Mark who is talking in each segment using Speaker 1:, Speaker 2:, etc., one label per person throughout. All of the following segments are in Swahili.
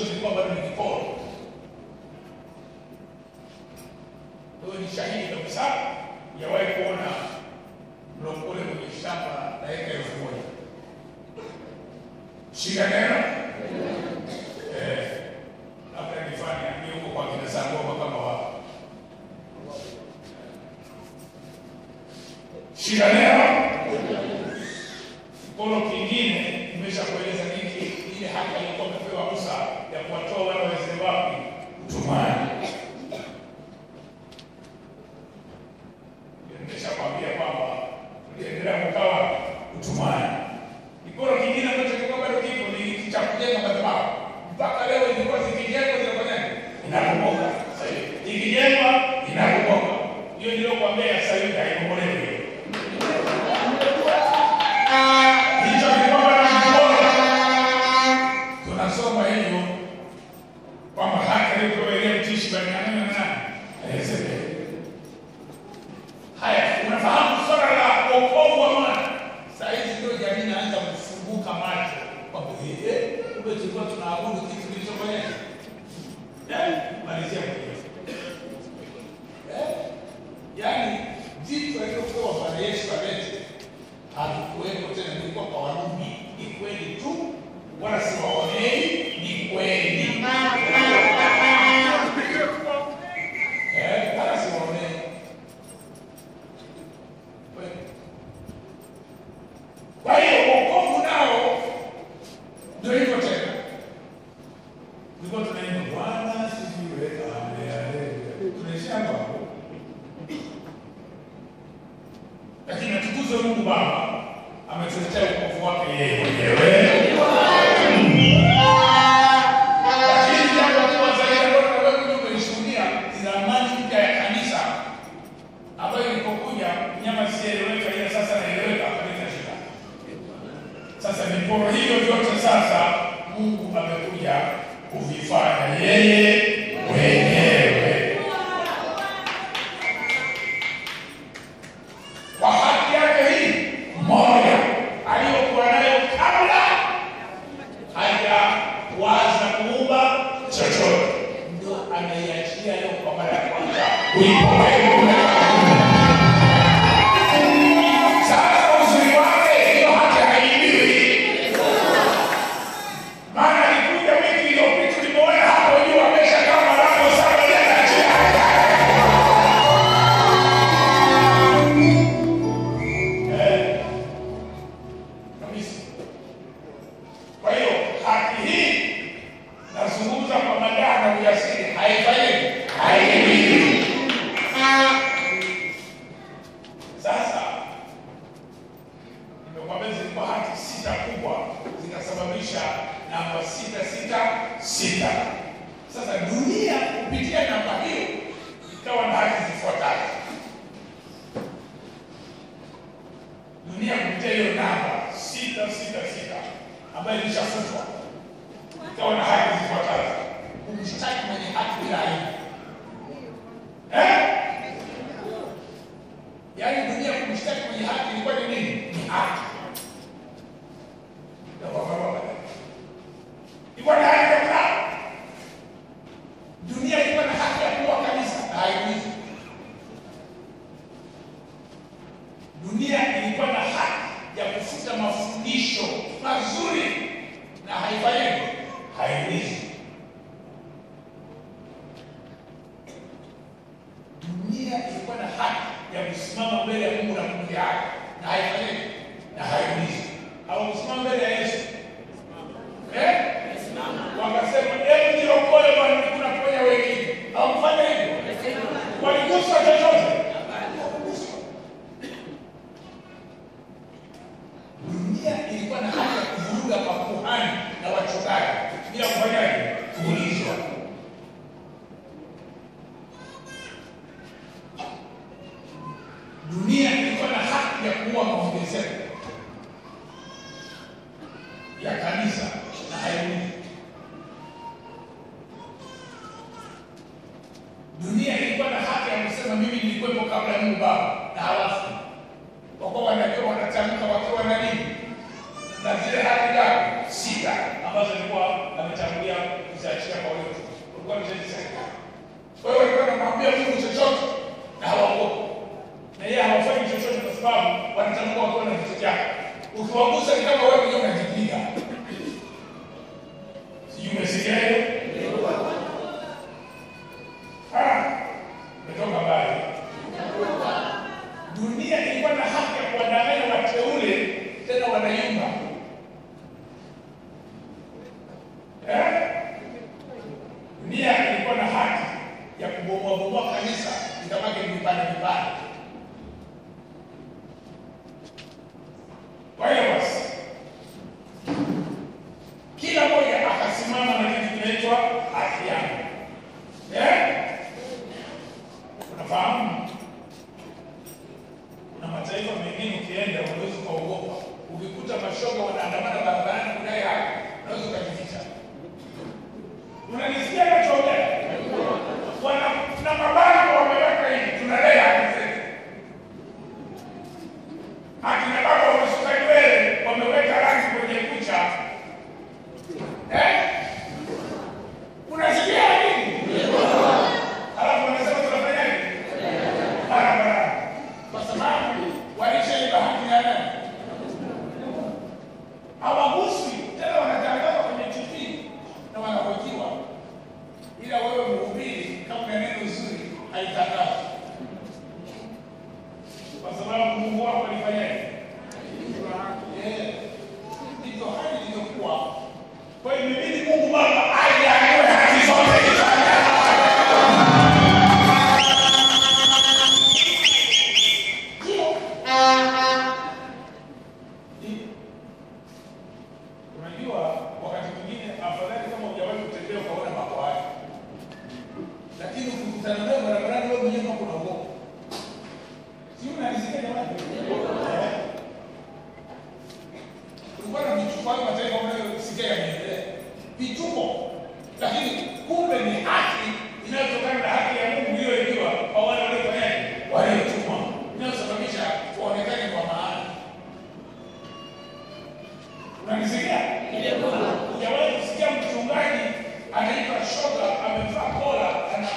Speaker 1: hicho kilikuwa bado ni kiporo. Huyo ni shahidi kabisa, yawahi kuona mlokole kwenye shamba la eka elfu moja shika neno
Speaker 2: amsikize Mungu Baba, ametetea ukovu wake yeye mwenyewe.
Speaker 1: You Igual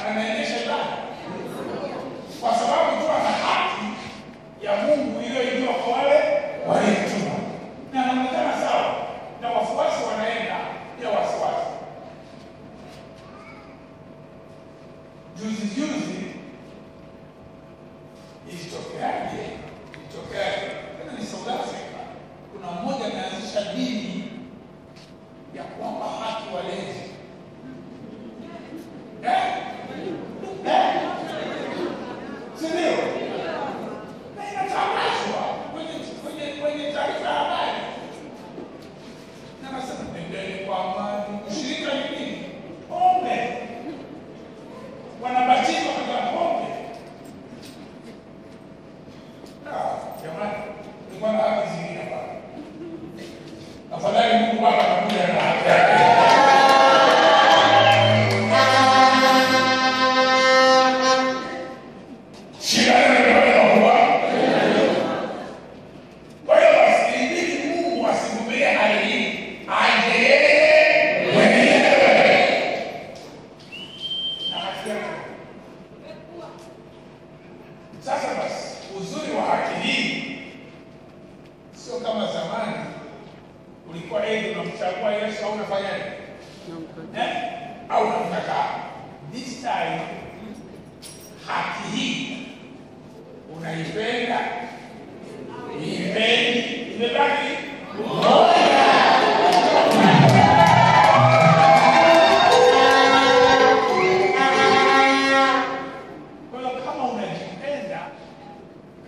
Speaker 1: Amen.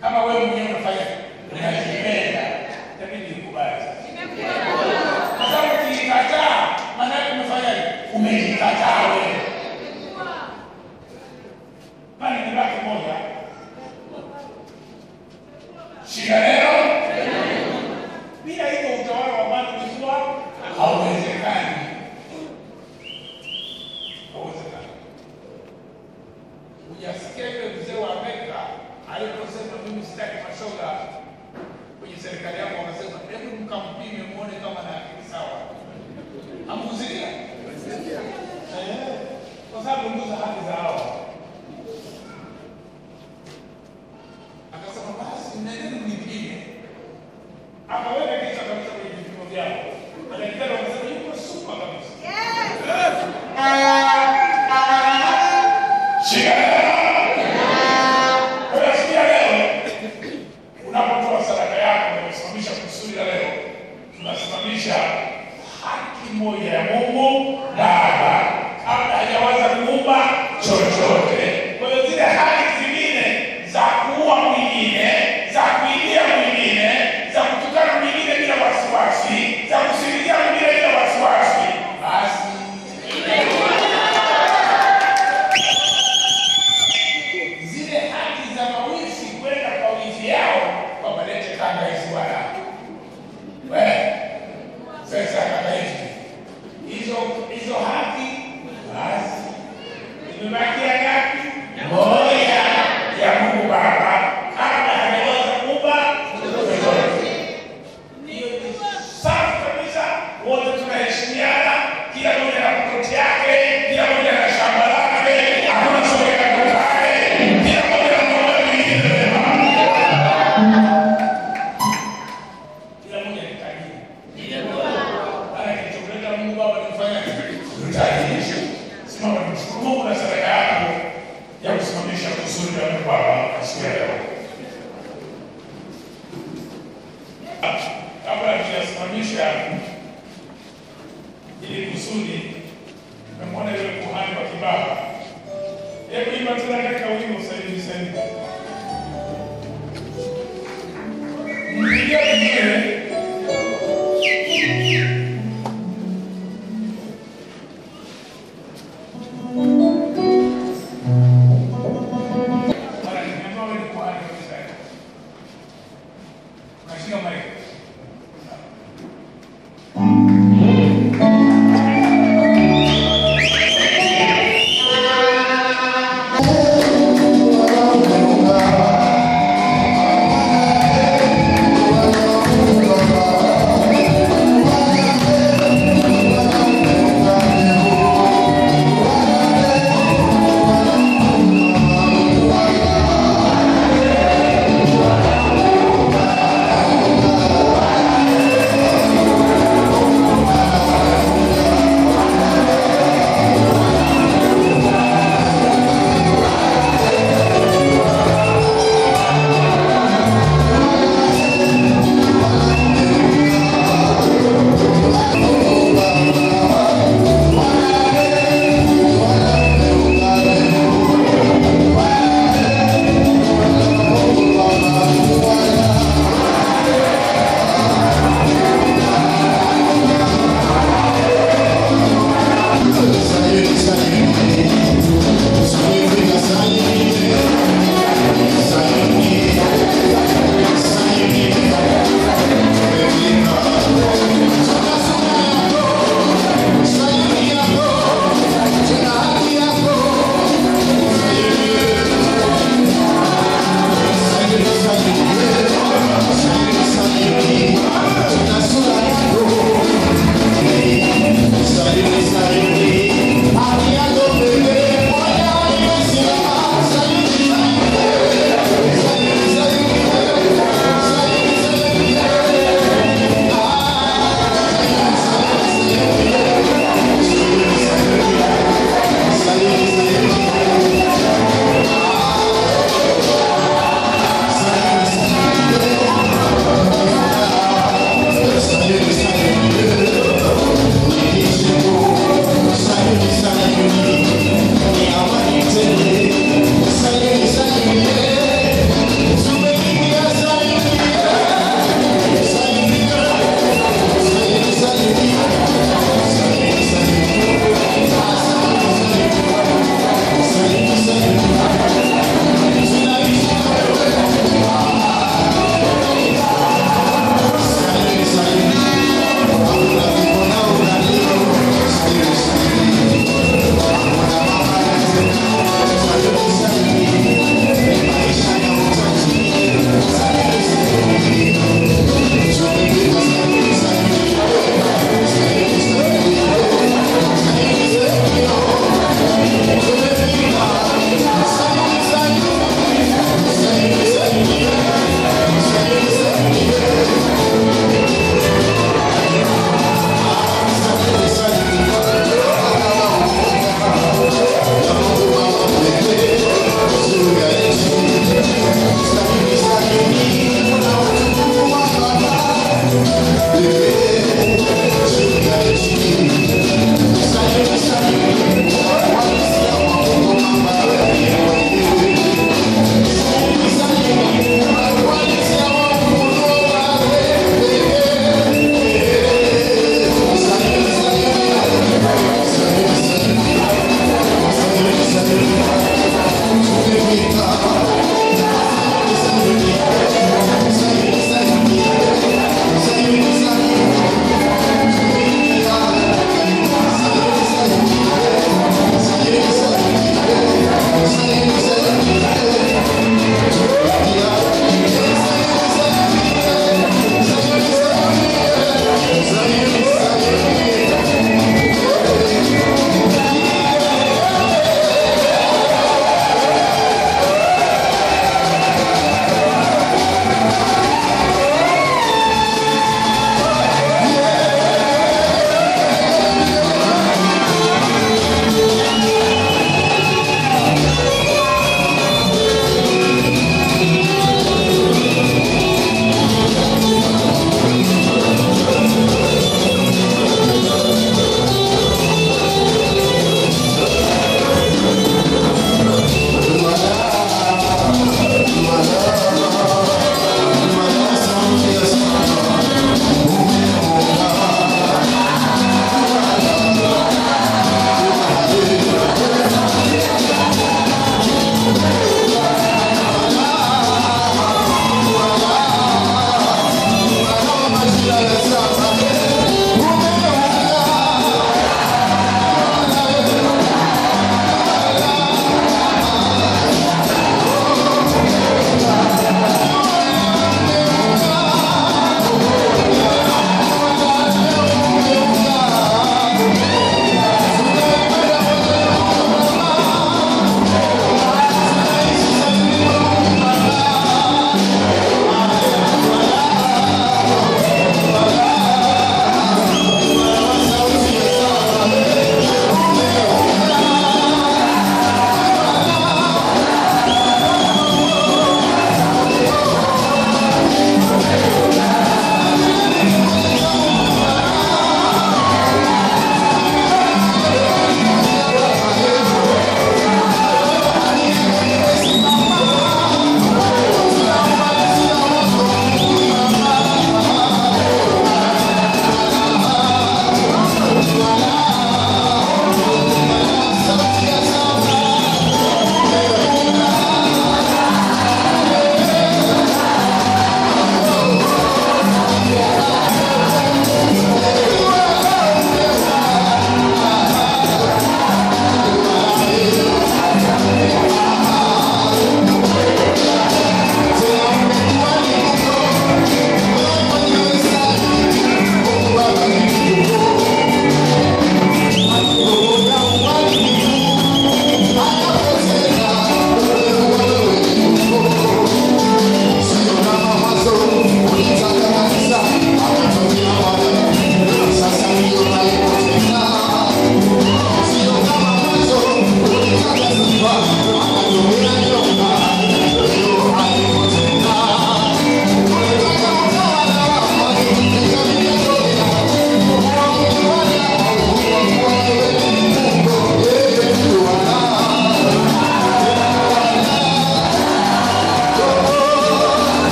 Speaker 1: kama wewe mwenyewe unafanya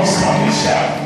Speaker 1: from Scottish Shout.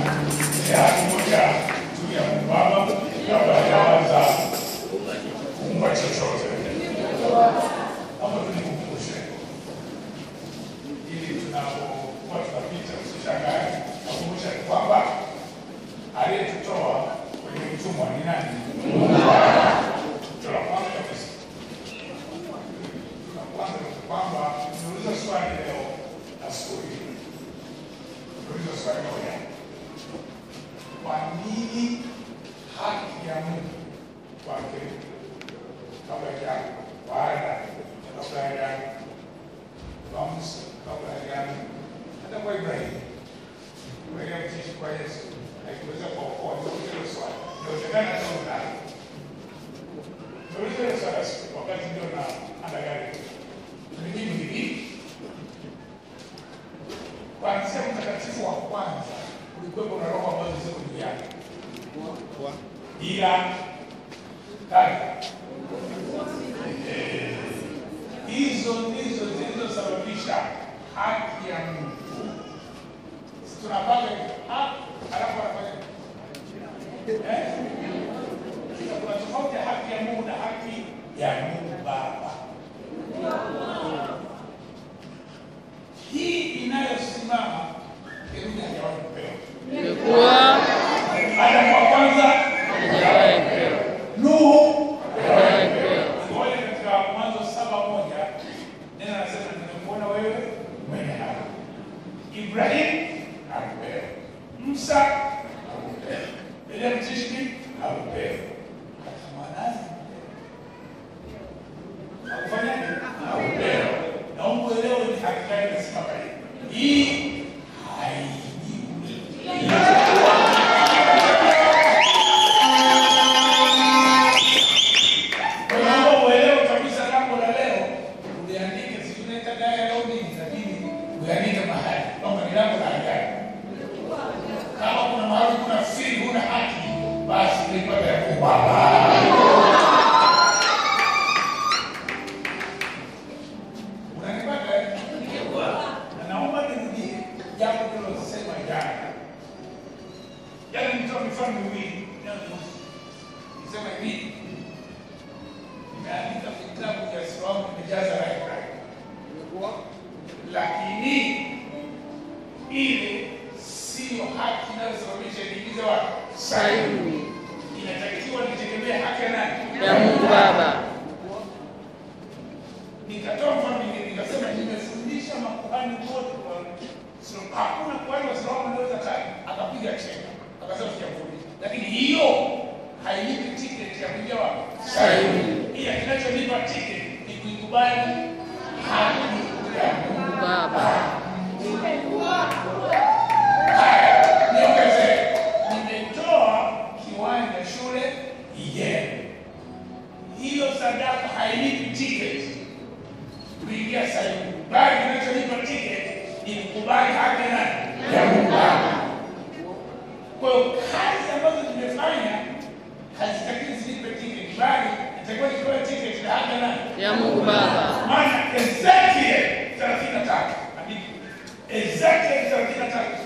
Speaker 1: Exactly, exactly that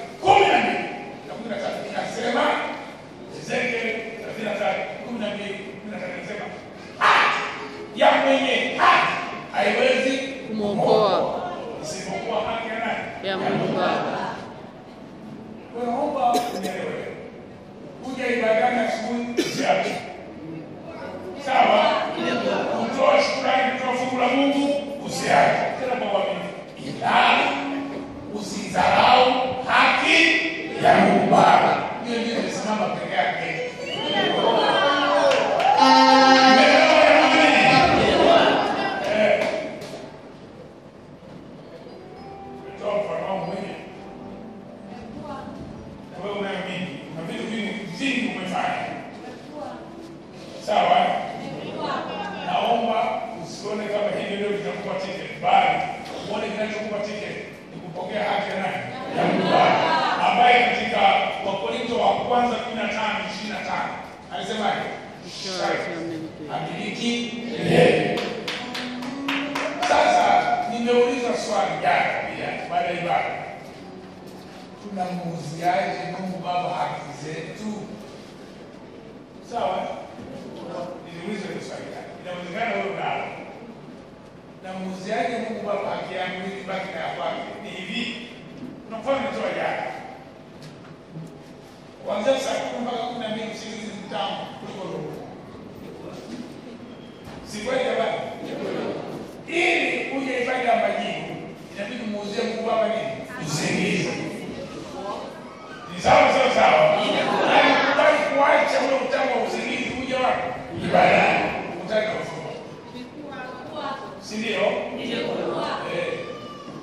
Speaker 1: vibaya utaka mfumo si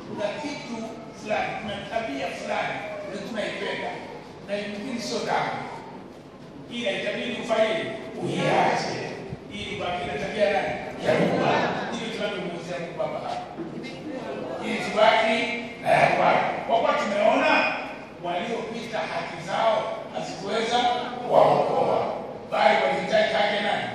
Speaker 1: Kuna kitu fulani, kuna tabia fulani ndio tunaipenda na ingine sio dhambi, ila itabidi kufanye uiache ili ubaki tabia nani ya Mungu. Ndivyo tunavyomuuzia Mungu ili tubaki na ya kwake, kwa kuwa tumeona waliopita haki zao hazikuweza kuwaokoa, bali walihitaji haki nani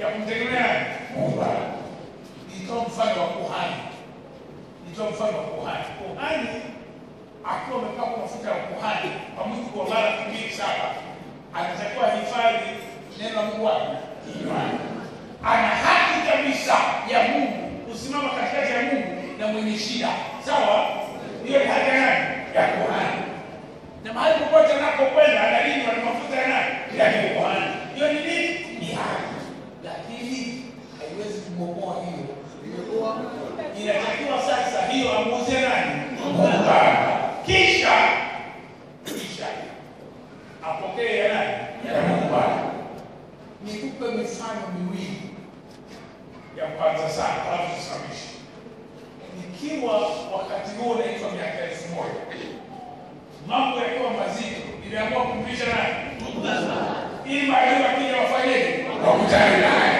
Speaker 1: yamtegemeaye Mungu itoa mfano wa kuhani, itoa mfano wa kuhani. Kuhani akiwa amepakwa mafuta ya kuhani kwa mujibu wa Mara mbili saba, anatakiwa hifadhi neno la Mungu wake kinywani. Ana haki kabisa ya Mungu kusimama katikati ya Mungu na mwenye shida, sawa? Hiyo ni haki nani ya kuhani, na mahali popote anapokwenda analindwa na mafuta ya ya kuhani. Hiyo ni nini? Ni haki akili haiwezi kumwokoa hiyo inatakiwa sasa hiyo amuuze nani kisha kisha apokee ya nani ya Mungu nikupe mifano miwili ya kwanza sana alafu tusimamishe nikiwa wakati huo naitwa miaka elfu moja mambo yakiwa mazito niliamua kumpisha nani ili maadui wakija wafanyeje wakutane naye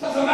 Speaker 1: 사상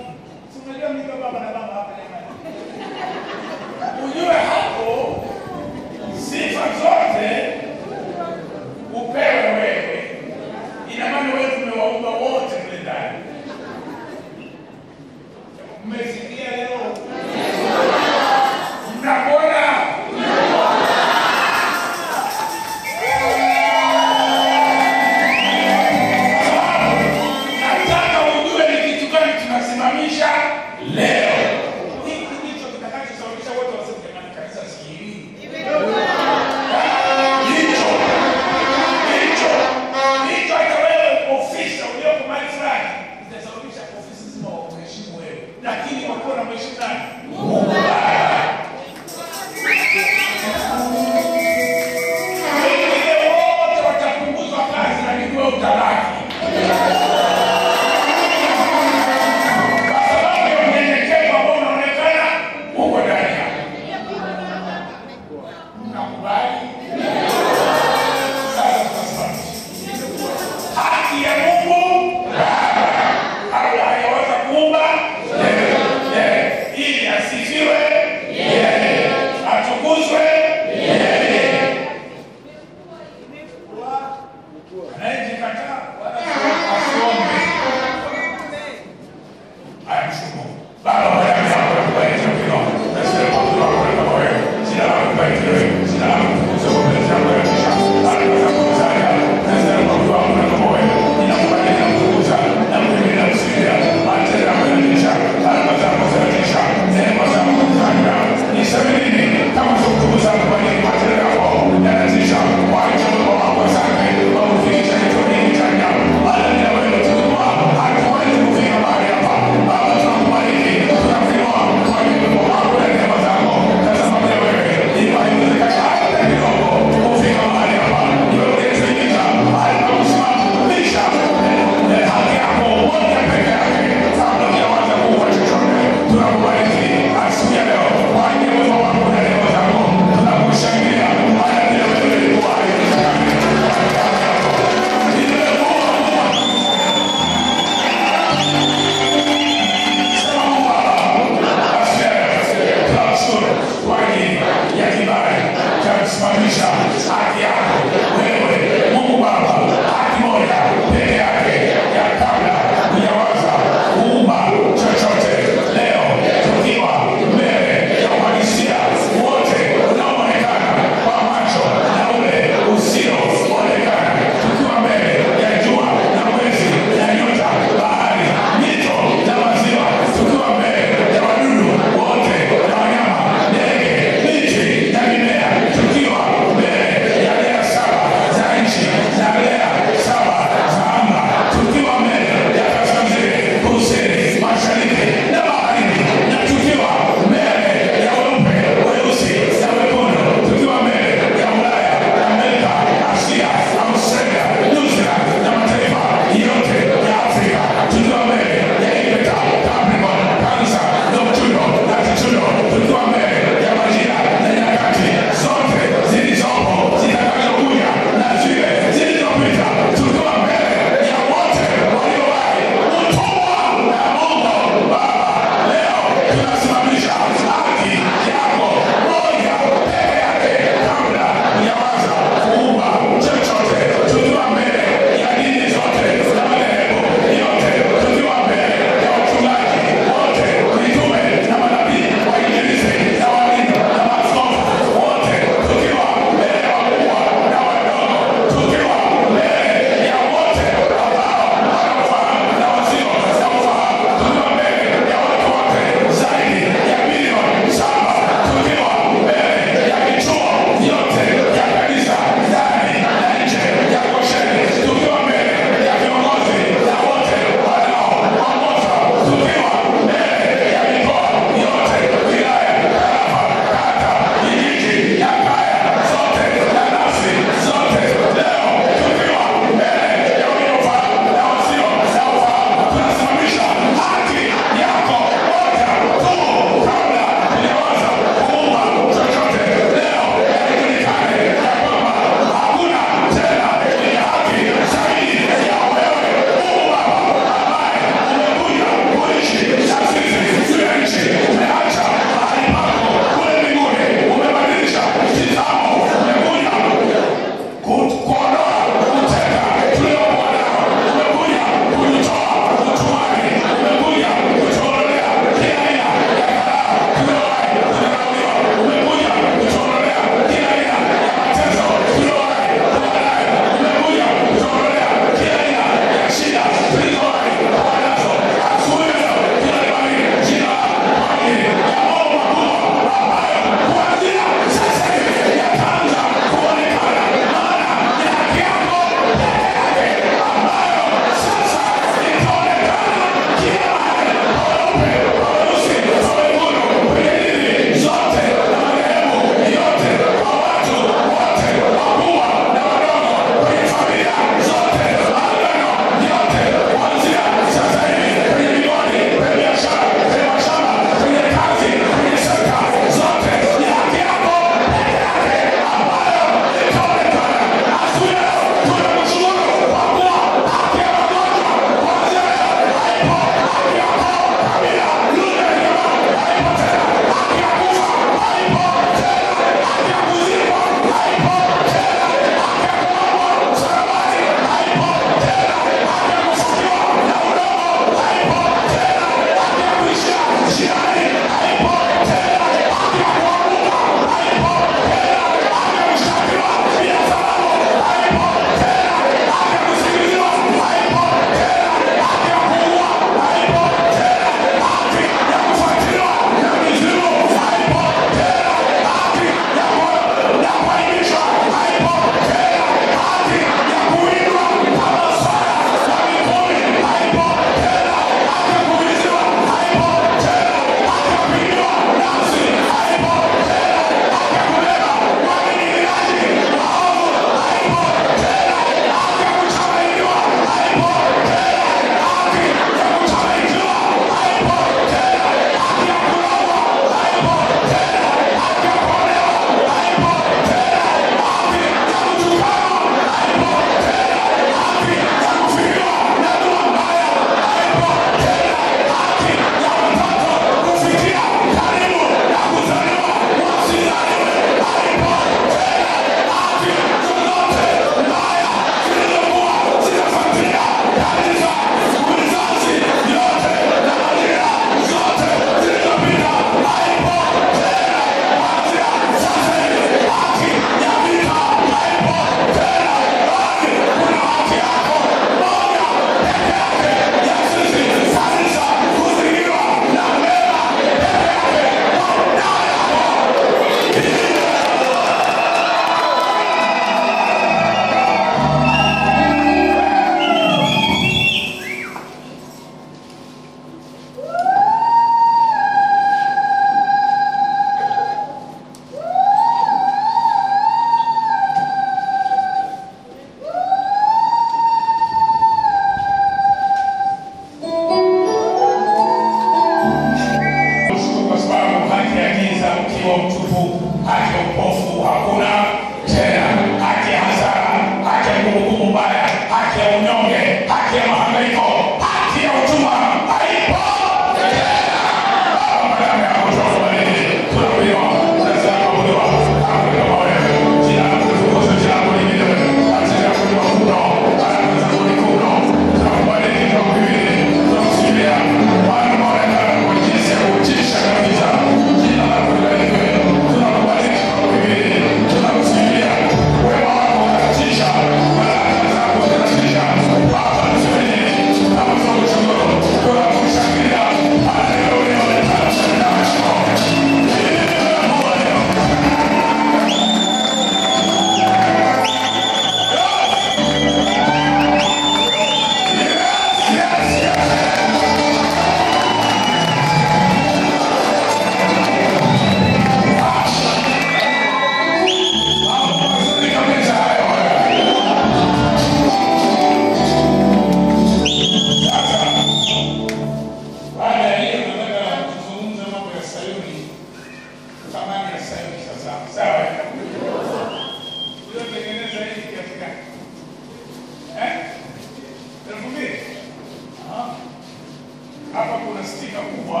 Speaker 2: spika kubwa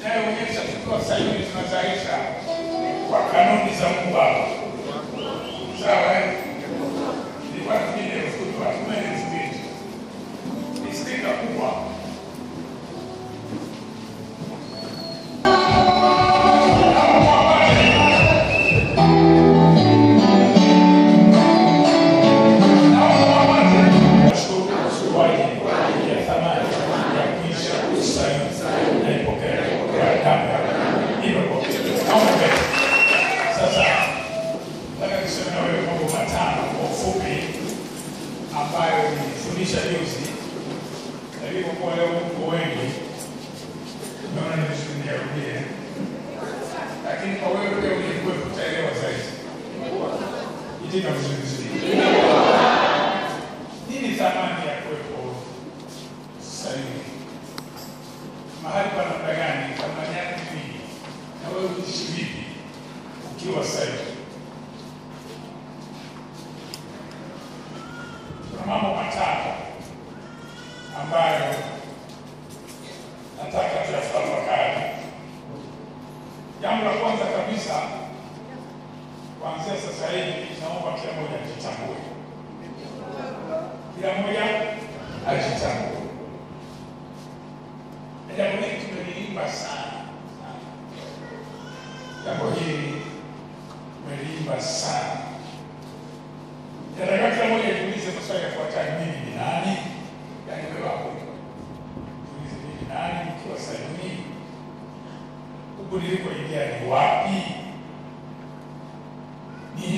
Speaker 2: inayoonyesha tukiwa sahihi tunazalisha
Speaker 1: kwa kanuni za Mungu Sawa. Eh?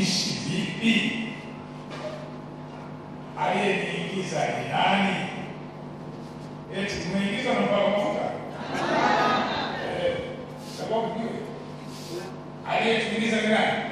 Speaker 1: Naishi vipi? Aliyeniingiza ni nani? Eti umeingiza na mpaka kuvuka? Eh, sababu Aliyetuingiza ni nani?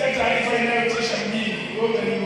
Speaker 1: sector high final nutrition being wrote an